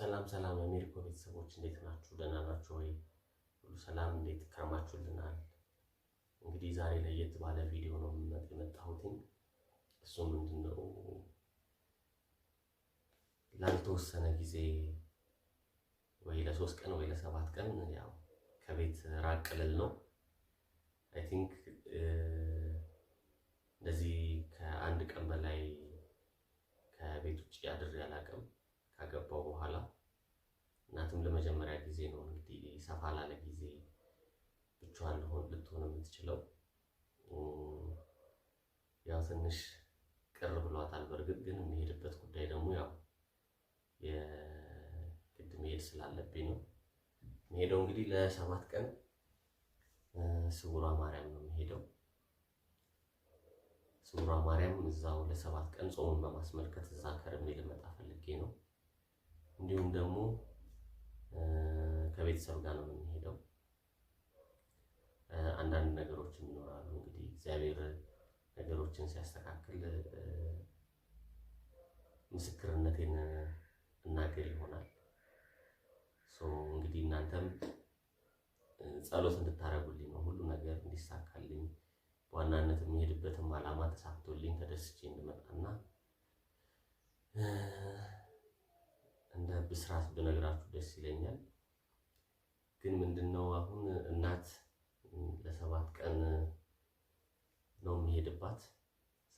ሰላም ሰላም አሜሪኮ ቤተሰቦች እንዴት ናችሁ? ደህና ናችሁ ወይ? ሁሉ ሰላም እንዴት ከርማችሁልናል? እንግዲህ ዛሬ ለየት ባለ ቪዲዮ ነው የመጣሁትኝ። እሱ ምንድን ነው ላልተወሰነ ጊዜ ወይ ለሶስት ቀን ወይ ለሰባት ቀን ያው ከቤት ራቅ ልል ነው። አይ ቲንክ እንደዚህ ከአንድ ቀን በላይ ከቤት ውጭ አድሬ አላውቅም። ከገባው በኋላ እናትም ለመጀመሪያ ጊዜ ነው እንግዲህ ሰፋ ላለ ጊዜ ብቻዋን ልትሆን የምትችለው። ያው ትንሽ ቅር ብሏታል። በእርግጥ ግን የሚሄድበት ጉዳይ ደግሞ ያው የግድ መሄድ ስላለብኝ ነው የምሄደው። እንግዲህ ለሰባት ቀን ስውሯ ማርያም ነው የምሄደው። ስውሯ ማርያም እዛው ለሰባት ቀን ጾሙን በማስመልከት እዛ ከርሜ ልመጣ ፈልጌ ነው። እንዲሁም ደግሞ ከቤተሰብ ጋር ነው የምንሄደው። አንዳንድ ነገሮችም ይኖራሉ። እንግዲህ እግዚአብሔር ነገሮችን ሲያስተካክል ምስክርነቴን እናገር ይሆናል። እንግዲህ እናንተም ጸሎት እንድታደርጉልኝ ነው ሁሉ ነገር እንዲሳካልኝ በዋናነት የሚሄድበትም ዓላማ ተሳክቶልኝ ተደስቼ እንድመጣና እንደ ብስራት ብነግራችሁ ደስ ይለኛል። ግን ምንድነው አሁን እናት ለሰባት ቀን ነው የሚሄድባት።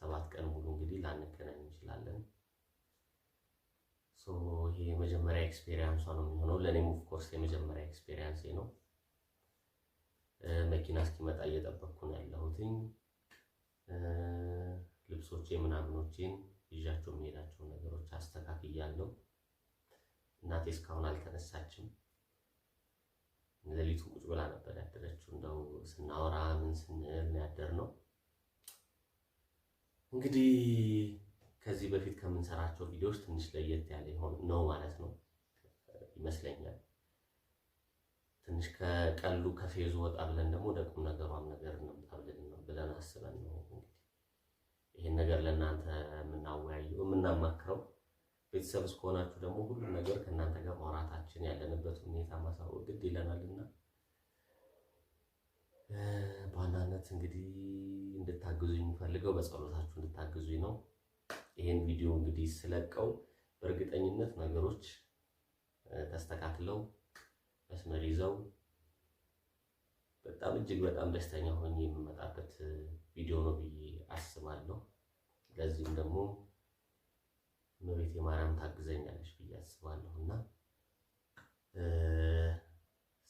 ሰባት ቀን ሙሉ እንግዲህ ላንገናኝ እንችላለን። ይሄ የመጀመሪያ ኤክስፔሪንሷ ነው የሚሆነው። ለእኔም ኦፍኮርስ የመጀመሪያ ኤክስፔሪንሴ ነው። መኪና እስኪመጣ እየጠበቅኩ ነው ያለሁትኝ። ልብሶቼ ምናምኖቼን ይዣቸው የሚሄዳቸው ነገሮች አስተካክያለሁ። እናቴ እስካሁን አልተነሳችም። ሌሊቱ ቁጭ ብላ ነበር ያደረችው። እንደው ስናወራ ምን ስንል ያደር ነው እንግዲህ ከዚህ በፊት ከምንሰራቸው ቪዲዮዎች ትንሽ ለየት ያለ ይሆን ነው ማለት ነው ይመስለኛል። ትንሽ ከቀሉ ከፌዙ ወጣ ብለን ደግሞ ደቁም ነገሯም ነገር እንምጣ ብለን አስበን ነው እንግዲህ ይህን ነገር ለእናንተ የምናወያየው የምናማክረው ቤተሰብ እስከሆናችሁ ደግሞ ሁሉም ነገር ከእናንተ ጋር ማውራታችን ያለንበት ሁኔታ ማሳወቅ ግድ ይለናልና በዋናነት እንግዲህ እንድታግዙ የሚፈልገው በጸሎታችሁ እንድታግዙኝ ነው። ይህን ቪዲዮ እንግዲህ ስለቀው በእርግጠኝነት ነገሮች ተስተካክለው መስመር ይዘው በጣም እጅግ በጣም ደስተኛ ሆኜ የምመጣበት ቪዲዮ ነው ብዬ አስባለሁ። ለዚህም ደግሞ እመቤቴ ማርያም ታግዘኛለች ብዬ አስባለሁ እና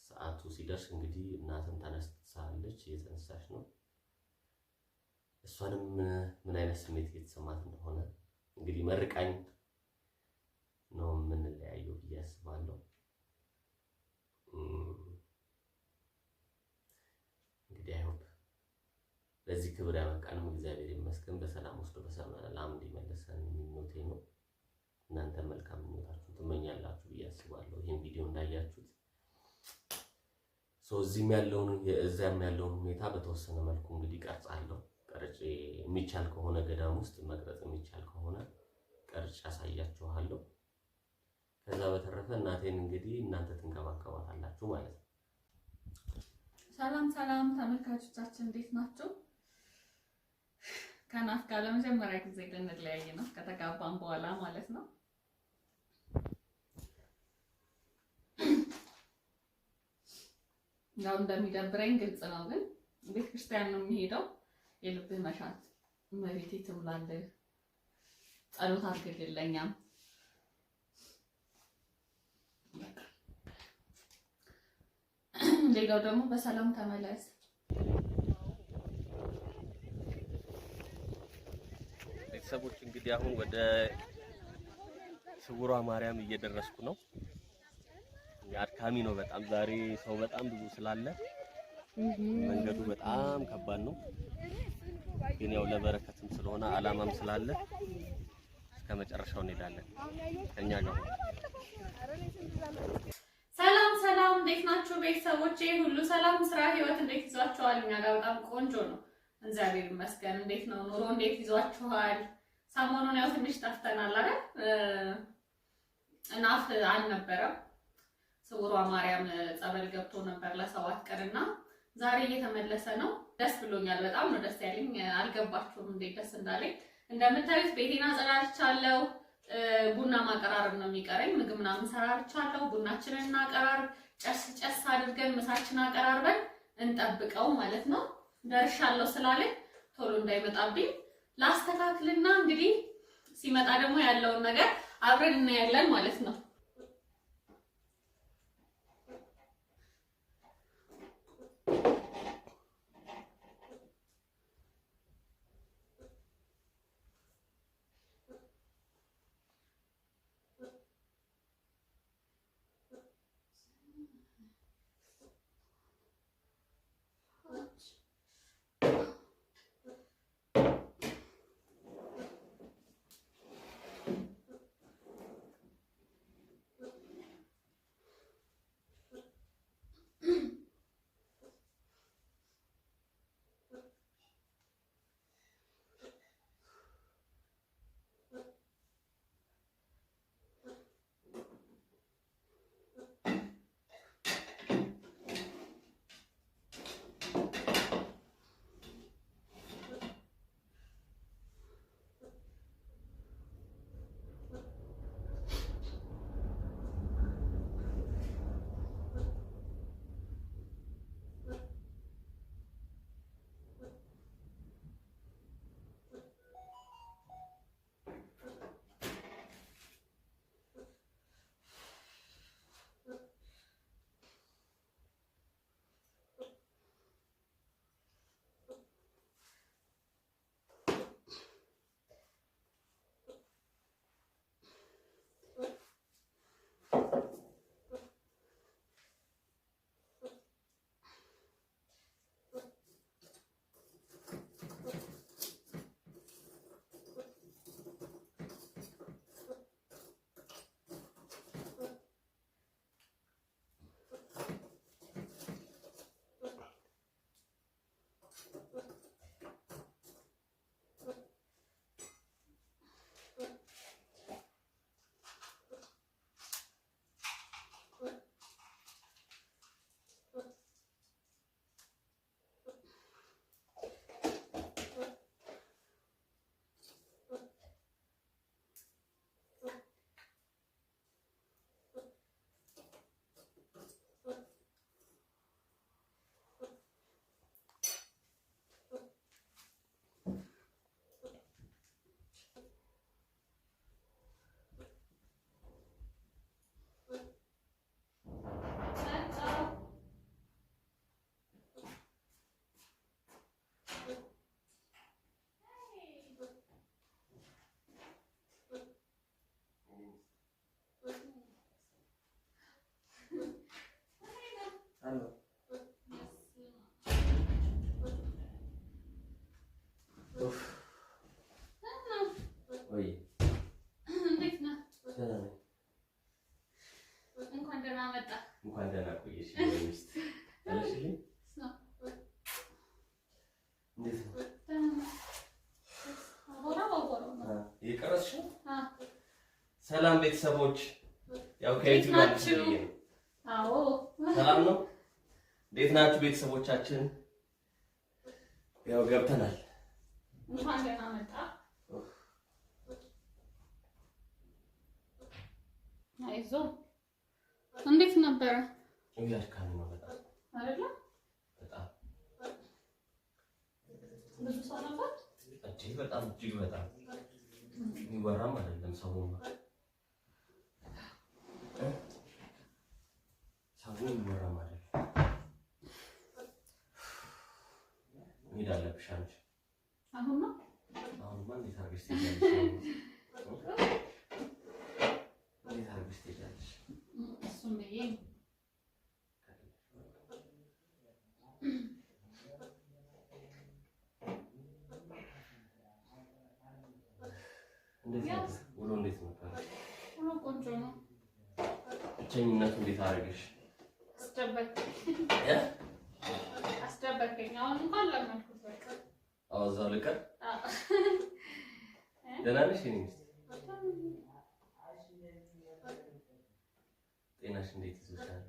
ሰዓቱ ሲደርስ እንግዲህ እናትም ተነስታለች፣ እየተነሳች ነው። እሷንም ምን አይነት ስሜት እየተሰማት እንደሆነ እንግዲህ መርቃኝ ነው የምንለያየው ብዬ አስባለሁ። እንግዲህ አይሆን ለዚህ ክብር ያበቃንም እግዚአብሔር ይመስገን። በሰላም ውስጥ በሰላም እንዲመለሰን ምኞቴ ነው። እናንተ መልካም ምኞታችሁ ትመኛላችሁ ብዬ አስባለሁ። ይህን ቪዲዮ እንዳያችሁት እዚህም ያለውን እዚያም ያለውን ሁኔታ በተወሰነ መልኩ እንግዲህ ቀርጻለሁ። ቀርጬ የሚቻል ከሆነ ገዳም ውስጥ መቅረጽ የሚቻል ከሆነ ቀርጬ ያሳያችኋለሁ። ከዛ በተረፈ እናቴን እንግዲህ እናንተ ትንከባከባታላችሁ ማለት ነው። ሰላም ሰላም ተመልካቾቻችን እንዴት ናቸው? ከናፍ ለመጀመሪያ ጊዜ ልንለያይ ነው ከተጋባን በኋላ ማለት ነው። ያው እንደሚደብረኝ ግልጽ ነው፣ ግን ቤተ ክርስቲያን ነው የሚሄደው። የልብህ መሻት እመቤቴ ትውላለህ። ጸሎት አድርግልኛም ሌላው ደግሞ በሰላም ተመለስ። ቤተሰቦች እንግዲህ አሁን ወደ ስውሯ ማርያም እየደረስኩ ነው። አድካሚ ነው በጣም ዛሬ ሰው በጣም ብዙ ስላለ መንገዱ በጣም ከባድ ነው። ግን ያው ለበረከትም ስለሆነ አላማም ስላለ እስከ መጨረሻው እንሄዳለን ከኛ ጋር። ሰላም ሰላም፣ እንዴት ናችሁ ቤተሰቦቼ ሁሉ? ሰላም ስራ፣ ህይወት እንዴት ይዟችኋል? እኛ ጋር በጣም ቆንጆ ነው እግዚአብሔር ይመስገን። እንዴት ነው ኑሮ? እንዴት ይዟችኋል? ሰሞኑን ያው ትንሽ ጠፍተናል አይደል? እናፍ አልነበረም ስውሯ ማርያም ጸበል ገብቶ ነበር ለሰባት ቀን እና ዛሬ እየተመለሰ ነው። ደስ ብሎኛል። በጣም ነው ደስ ያለኝ። አልገባችሁም እንዴት ደስ እንዳለኝ። እንደምታዩት ቤቴን አጸዳድቻለሁ። ቡና ማቀራረብ ነው የሚቀረኝ። ምግብ ምናምን ሰራርቻለሁ። ቡናችንን እናቀራርብ፣ ጨስ ጨስ አድርገን ምሳችን አቀራርበን እንጠብቀው ማለት ነው። ደርሻለሁ ስላለኝ ቶሎ እንዳይመጣብኝ ላስተካክልና እንግዲህ ሲመጣ ደግሞ ያለውን ነገር አብረን እናያለን ማለት ነው። ቤተሰቦች ያው ከዩቲዩብ ነው። አዎ ሰላም ነው። እንዴት ናችሁ ቤተሰቦቻችን? ያው ገብተናል። እንኳን ደህና መጣ። አይዞ እንዴት ነበረ? እያድካል ነው መጣ አይደለ? በጣም ብዙ ሰው ነበር። እጅግ በጣም እጅግ በጣም ይወራም አይደለም ሰው ነው ሳቦ ይሞራ ማለት መሄድ አለብሽ አንቺ። አሁን ነው አሁን ማን ይታርግሽ ትሄጃለሽ? እሱም ብዬ ውሎ እንዴት ነበር? ውሎ ቆንጆ ነው። ብቸኝነቱ እንዴት አደረገሽ? አስደበቀኝ አሁን እንኳን ለመድኩት። በቃ አዎ፣ እዛው ጤናሽ እንዴት ይዞሻል?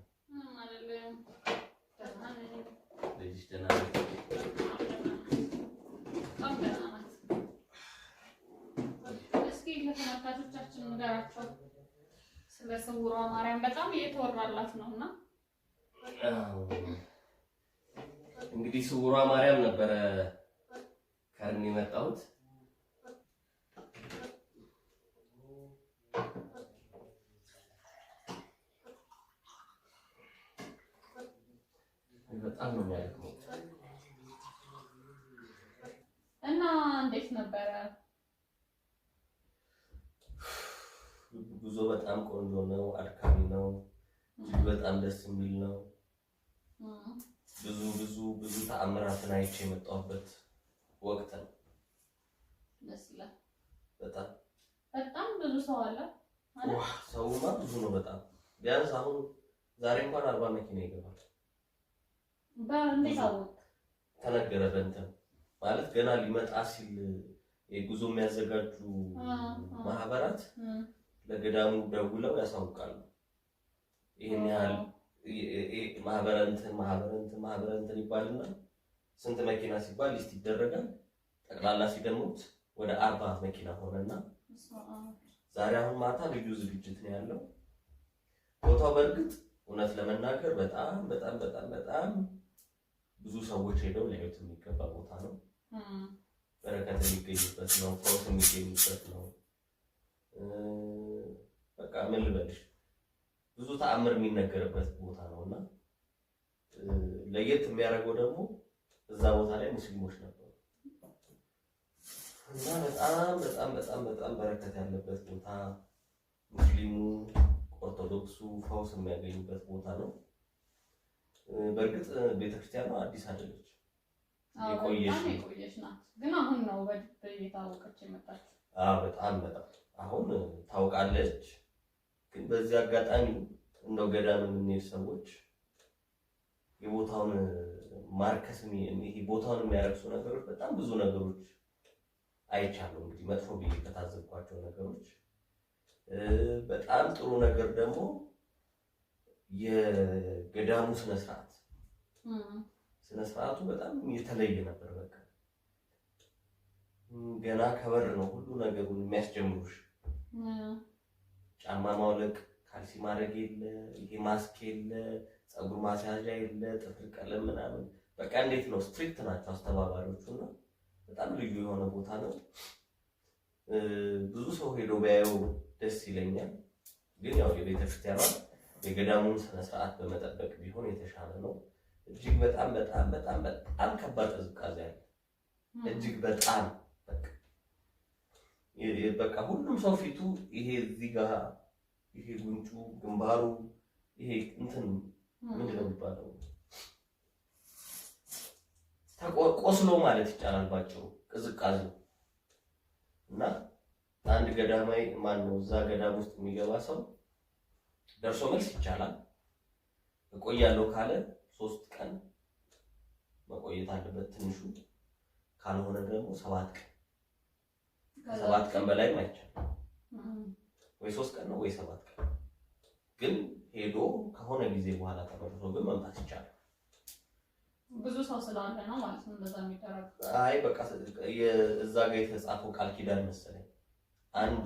ልጅሽ ደህና ነሽ? እስኪ ለተመልካቾቻችን ንገራቸው። ስለ ስውሯ ማርያም በጣም እየተወራላት ነውና፣ እንግዲህ ስውሯ ማርያም ነበረ ከርም የመጣሁት በጣም ነው የሚያደርገው እና እንዴት ነበረ ጉዞ በጣም ቆንጆ ነው፣ አድካሚ ነው፣ በጣም ደስ የሚል ነው። ብዙ ብዙ ብዙ ተአምራትን አይቼ የመጣሁበት ወቅት ነው። ደስ ይላል በጣም በጣም ብዙ ሰው አለ። ሰውማ ብዙ ነው በጣም ቢያንስ አሁን ዛሬ እንኳን አርባ መኪና ይገባል። ተነገረ በእንትን ማለት ገና ሊመጣ ሲል የጉዞ የሚያዘጋጁ ማህበራት ለገዳሙ ደውለው ያሳውቃሉ። ይህን ያህል ማህበረንትን ማህበረንትን ማህበረንትን ይባልና ስንት መኪና ሲባል ሊስት ይደረጋል። ጠቅላላ ሲገሙት ወደ አርባ መኪና ሆነና ዛሬ አሁን ማታ ልዩ ዝግጅት ነው ያለው። ቦታው በእርግጥ እውነት ለመናገር በጣም በጣም በጣም በጣም ብዙ ሰዎች ሄደው ሊያዩት የሚገባ ቦታ ነው። በረከት የሚገኝበት ነው። ፈውስ የሚገኝበት ነው። በቃ ምን ልበልሽ ብዙ ተአምር የሚነገርበት ቦታ ነው እና ለየት የሚያደርገው ደግሞ እዛ ቦታ ላይ ሙስሊሞች ነበሩ እና በጣም በጣም በጣም በጣም በረከት ያለበት ቦታ ሙስሊሙ ኦርቶዶክሱ ፈውስ የሚያገኙበት ቦታ ነው። በእርግጥ ቤተክርስቲያኗ አዲስ አይደለች፣ የቆየች ግን አሁን ነው በደንብ እየታወቀች በጣም በጣም አሁን ታውቃለች። ግን በዚህ አጋጣሚ እንደው ገዳም የምንሄድ ሰዎች የቦታውን ማርከስ ቦታውን የሚያረክሱ ነገሮች በጣም ብዙ ነገሮች አይቻሉ። እንግዲህ መጥፎ ብዬ ከታዘብኳቸው ነገሮች በጣም ጥሩ ነገር ደግሞ የገዳሙ ስነስርዓት ስነስርዓቱ በጣም የተለየ ነበር። በቃ ገና ከበር ነው ሁሉ ነገሩን የሚያስጀምሩሽ ጫማ ማውለቅ፣ ካልሲ ማድረግ የለ፣ ይሄ ማስክ የለ፣ ፀጉር ማስያዣ የለ፣ ጥፍር ቀለም ምናምን በቃ እንዴት ነው ስትሪክት ናቸው አስተባባሪዎቹ እና በጣም ልዩ የሆነ ቦታ ነው። ብዙ ሰው ሄዶ ቢያየው ደስ ይለኛል። ግን ያው የቤተክርስቲያኗን የገዳሙን ስነስርዓት በመጠበቅ ቢሆን የተሻለ ነው። እጅግ በጣም በጣም በጣም በጣም ከባድ ቅዝቃዜ አለ። እጅግ በጣም በቃ ሁሉም ሰው ፊቱ ይሄ እዚህ ጋር ይሄ ጉንጩ፣ ግንባሩ ይሄ እንትን ምንድን ነው የሚባለው ቆስሎ ማለት ይቻላል ባጭሩ ቅዝቃዜው እና አንድ ገዳማይ ማን ነው እዛ ገዳም ውስጥ የሚገባ ሰው ደርሶ መልስ ይቻላል። እቆያለሁ ካለ ሶስት ቀን መቆየት አለበት ትንሹ፣ ካልሆነ ደግሞ ሰባት ቀን ከሰባት ቀን በላይ ናቸው ወይ ሶስት ቀን ነው ወይ ሰባት ቀን ግን ሄዶ ከሆነ ጊዜ በኋላ ተመልሶ ግን መምጣት ይቻላል። ብዙ ሰው ስለአንተ ነው ማለት ነው እንደዛ የሚደረገው። አይ በቃ እዛ ጋር የተጻፈው ቃል ኪዳን መሰለኝ አንድ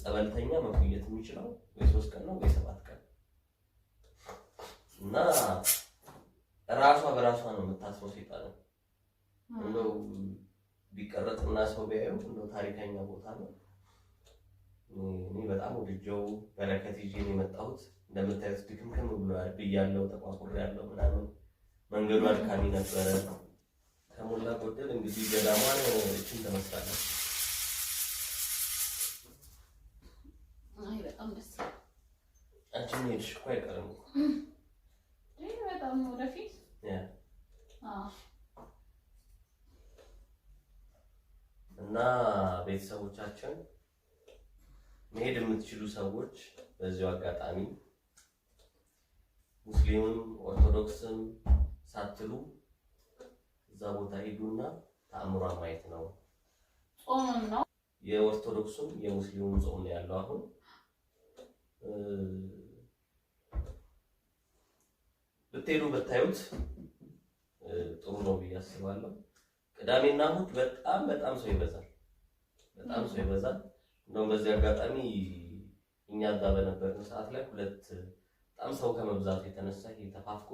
ጸበልተኛ መቆየት የሚችለው ወይ ሶስት ቀን ነው ወይ ሰባት ቀን እና ራሷ በራሷ ነው የምታስበው። ሲጣለ እንደው ቢቀረጥና ሰው ቢያየው እንደው ታሪከኛ ቦታ ነው። እኔ በጣም ወድጀው በረከት ይዤ የመጣሁት። እንደምታዩት ድክምክም ብሎ ብያለው፣ ተቋቁር ያለው ምናምን መንገዱ አድካሚ ነበረ። ከሞላ ጎደል እንግዲህ ገዳማ እችን ተመስላለች። በጣም ደስ አንቺ ሄድሽ እኮ አይቀርም ቤተሰቦቻችን መሄድ የምትችሉ ሰዎች በዚሁ አጋጣሚ ሙስሊምም ኦርቶዶክስም ሳትሉ እዛ ቦታ ሂዱና ተአምሯን ማየት ነው። ጾምም ነው የኦርቶዶክሱም የሙስሊሙም ጾም ነው ያለው። አሁን ብትሄዱ ብታዩት ጥሩ ነው ብዬ አስባለሁ። ቅዳሜና እሑድ በጣም በጣም ሰው ይበዛል። በጣም ሰው ይበዛል። እንደውም በዚህ አጋጣሚ እኛ እዛ በነበርን ሰዓት ላይ ሁለት በጣም ሰው ከመብዛቱ የተነሳ ተፋፍቆ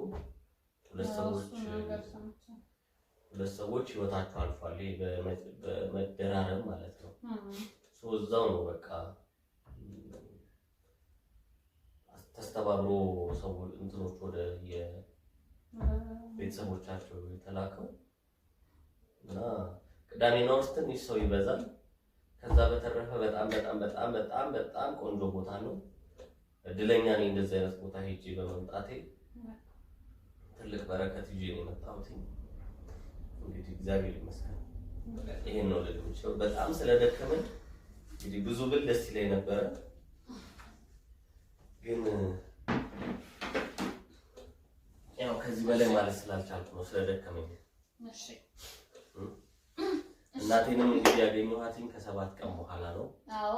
ሁለት ሰዎች ሁለት ሰዎች ህይወታቸው አልፏል። በመደራረብ ማለት ነው። እዛው ነው በቃ ተስተባብሮ ሰው እንትኖች ወደ የቤተሰቦቻቸው የተላከው እና ቅዳሜና ውስጥ ሰው ይበዛል። ከዛ በተረፈ በጣም በጣም በጣም በጣም በጣም ቆንጆ ቦታ ነው። እድለኛ ነኝ እንደዚህ አይነት ቦታ ሄጄ በመምጣቴ ትልቅ በረከት ይዤ ነው የመጣሁት። እንግዲህ እግዚአብሔር ይመስገን። ይሄን ነው ልልምችለው። በጣም ስለደከመኝ እንግዲህ ብዙ ብል ደስ ይለኝ ነበረ፣ ግን ያው ከዚህ በላይ ማለት ስላልቻልኩ ነው ስለደከመኝ። እናቴንም እንግዲህ ያገኘኋትኝ ከሰባት ቀን በኋላ ነው። አዎ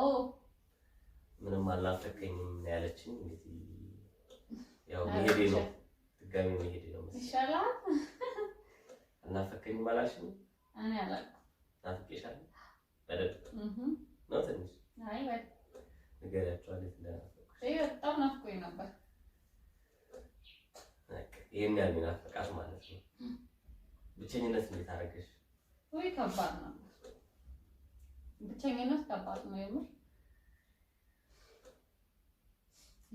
ምንም አላፈቀኝም ያለችኝ እንግዲህ ያው መሄዴ ነው፣ ድጋሚ መሄዴ ነው መሰለኝ። ይሻላል። አላፈቀኝም አላልሽኝ? እኔ አላልኩም። ናፍቄሻለሁ በደንብ ነው ትንሽ አይ በል ንገሪያቸዋለሁ። ይሄ በጣም ናፍቆኝ ነበር። ይሄን ያህል ናፍቃት ማለት ነው። ብቸኝነት እንዴት አደረገሽ? ወይ ከባድ ነው። ብቸኝነት ከባድ ነው።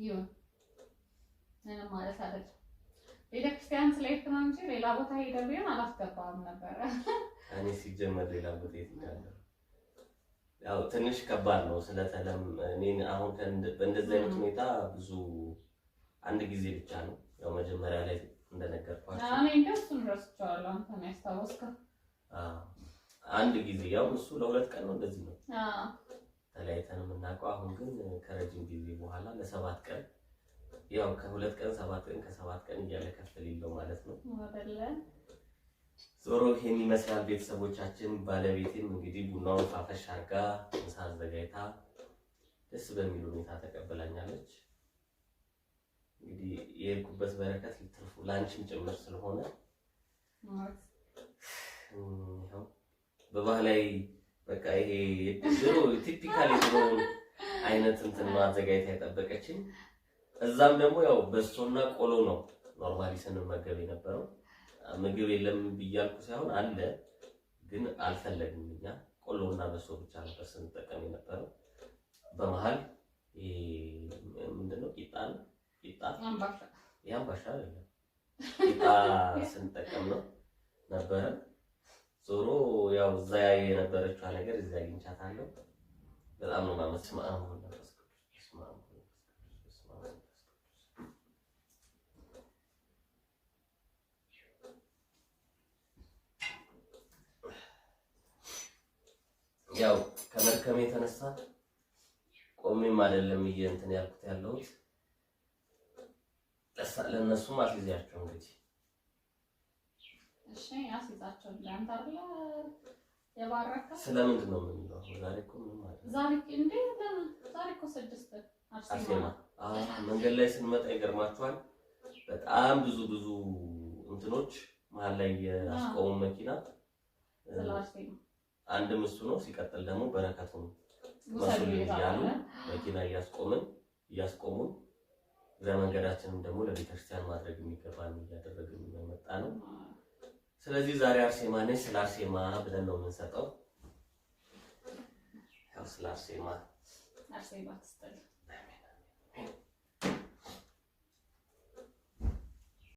የምር ምንም ማለት አይደለም። ቤተክርስቲያን ስለሄድክ ነው እንጂ ሌላ ቦታ ሄደ ቢሆን አላስገባም ነበረ። እኔ ሲጀመር ሌላ ቦታ ሄዳለሁ። ያው ትንሽ ከባድ ነው ስለተለም እኔን አሁን በእንደዚህ አይነት ሁኔታ ብዙ አንድ ጊዜ ብቻ ነው ያው መጀመሪያ ላይ እንደነገርኳቸው እኔ እንደሱን ረስቼዋለሁ። አንተ ያስታወስከው አንድ ጊዜ ያው እሱ ለሁለት ቀን ነው እንደዚህ ነው ተለያይተን የምናውቀው። አሁን ግን ከረጅም ጊዜ በኋላ ለሰባት ቀን ያው ከሁለት ቀን ሰባት ቀን ከሰባት ቀን እያለ ከፍ ሌለው ማለት ነው። ዞሮ ይሄን ይመስላል ቤተሰቦቻችን። ባለቤቴም እንግዲህ ቡናውን ፋፈሽ አርጋ ምሳ አዘጋጅታ ደስ በሚል ሁኔታ ተቀበላኛለች። እንግዲህ የሄድኩበት በረከት ልትርፉ ለአንቺም ጭምር ስለሆነ በባህላዊ በቃ ይሄ ድሮ ቲፒካል የድሮ አይነት እንትን ማዘጋጀት አይጠበቀችኝ። እዛም ደግሞ ያው በሶና ቆሎ ነው ኖርማሊ ስንመገብ የነበረው። ምግብ የለም ብያልኩ ሳይሆን አለ፣ ግን አልፈለግም እኛ ቆሎና በሶ ብቻ ነበር ስንጠቀም የነበረው። በመሀል ምንድነው ቂጣ ነው ቂጣ ያምባሻ አይደለም ቂጣ ስንጠቀም ነው ነበረ። ዞሮ ያው እዛ ያዩ የነበረችዋ ነገር እዛ አግኝቻታለሁ። በጣም ነው ማመስ ማአሙን ያው ከመርከም የተነሳ ቆሜም አይደለም እየ እንትን ያልኩት ያለሁት ለእነሱም አልጊዜያቸው እንግዲህ እሺ ስለምንድን ነው የምንለው? ዛሬ እኮ መንገድ ላይ ስንመጣ ይገርማችኋል። በጣም ብዙ ብዙ እንትኖች መሀል ላይ የአስቆሙ መኪና አንድም እሱ ነው። ሲቀጥል ደግሞ በረከቱ መሱል እያሉ መኪና እያስቆምን እያስቆሙን ለመንገዳችንም ደግሞ ለቤተክርስቲያን ማድረግ የሚገባን እያደረግን የመጣ ነው። ስለዚህ ዛሬ አርሴማ ነች። ስለ አርሴማ ብለን ነው የምንሰጠው። ያው ስለ አርሴማ